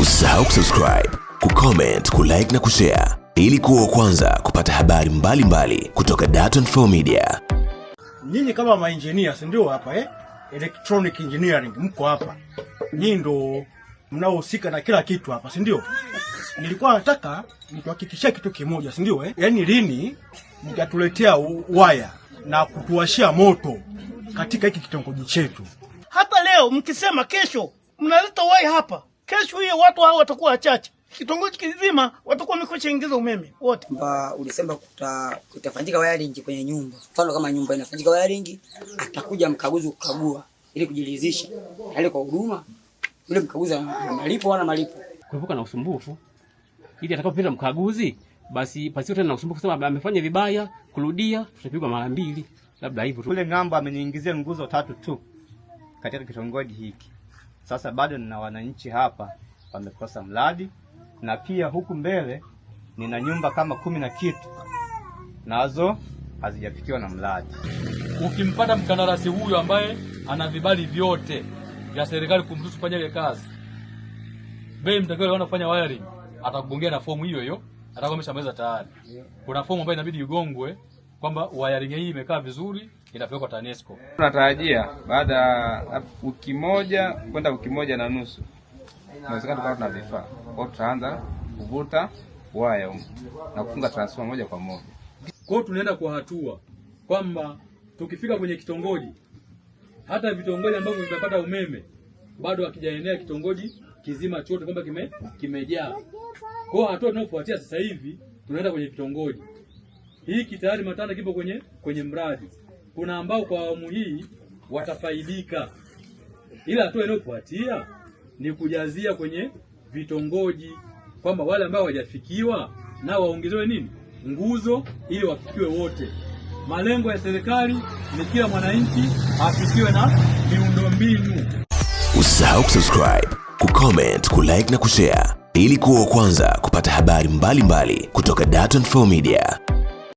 Usisahau kusubscribe, kucomment, kulike na kushare ili kuwa kwanza kupata habari mbalimbali mbali kutoka Dar24 Media. Nyinyi kama maengineer, si ndio hapa eh? Electronic engineering mko hapa. Nyinyi ndo mnaohusika na kila kitu hapa, si ndio? Nilikuwa nataka nikuhakikishia kitu kimoja, si ndio eh? Yaani lini mtatuletea waya na kutuwashia moto katika hiki kitongoji chetu? Hata leo mkisema kesho mnaleta waya hapa Kesho hiyo watu hao watakuwa wachache, kitongoji kizima watakuwa wamekwisha ingiza umeme wote. Kwamba ulisema kuta, kutafanyika wiring kwenye nyumba. Mfano kama nyumba inafanyika wiring, atakuja mkaguzi kukagua ili kujiridhisha yale kwa huduma, yule mkaguzi ana malipo ana malipo, kuepuka na usumbufu, ili atakapopita mkaguzi basi pasiwe tena na usumbufu kusema amefanya vibaya, kurudia tutapigwa mara mbili, labda hivyo tu. Kule ng'ambo ameniingizia nguzo tatu tu katika kitongoji hiki. Sasa bado nina wananchi hapa wamekosa mradi, na pia huku mbele nina nyumba kama kumi na kitu nazo hazijafikiwa na mradi. Ukimpata mkandarasi huyu ambaye ana vibali vyote vya serikali kumruhusu kufanya ile kazi, bei mtakiwa kufanya wiring, atakugongea na fomu hiyo hiyo, atakwambia ameshamaliza tayari. Kuna fomu ambayo inabidi igongwe kwamba wiring hii imekaa vizuri kitapelekwa TANESCO. Tunatarajia baada ya wiki moja kwenda wiki moja na nusu inawezekana tukawa tuna vifaa kwao, tutaanza kuvuta waya na kufunga transforma moja kwa moja. Kwa hiyo tunaenda kwa hatua kwamba tukifika kwenye kitongoji, hata vitongoji ambavyo vitapata umeme bado hakijaenea kitongoji kizima chote kwamba kime kimejaa. Kwa hiyo hatua tunayofuatia sasa hivi tunaenda kwenye vitongoji hiki, tayari Matanda kipo kwenye kwenye mradi kuna ambao kwa awamu hii watafaidika, ila hatua inayofuatia ni kujazia kwenye vitongoji, kwamba wale ambao hawajafikiwa nao waongezewe nini nguzo, ili wafikiwe wote. Malengo ya serikali ni kila mwananchi afikiwe na miundombinu. Usisahau kusubscribe, kucomment, kulike na kushare ili kuwa wa kwanza kupata habari mbalimbali mbali kutoka Dar24 Media.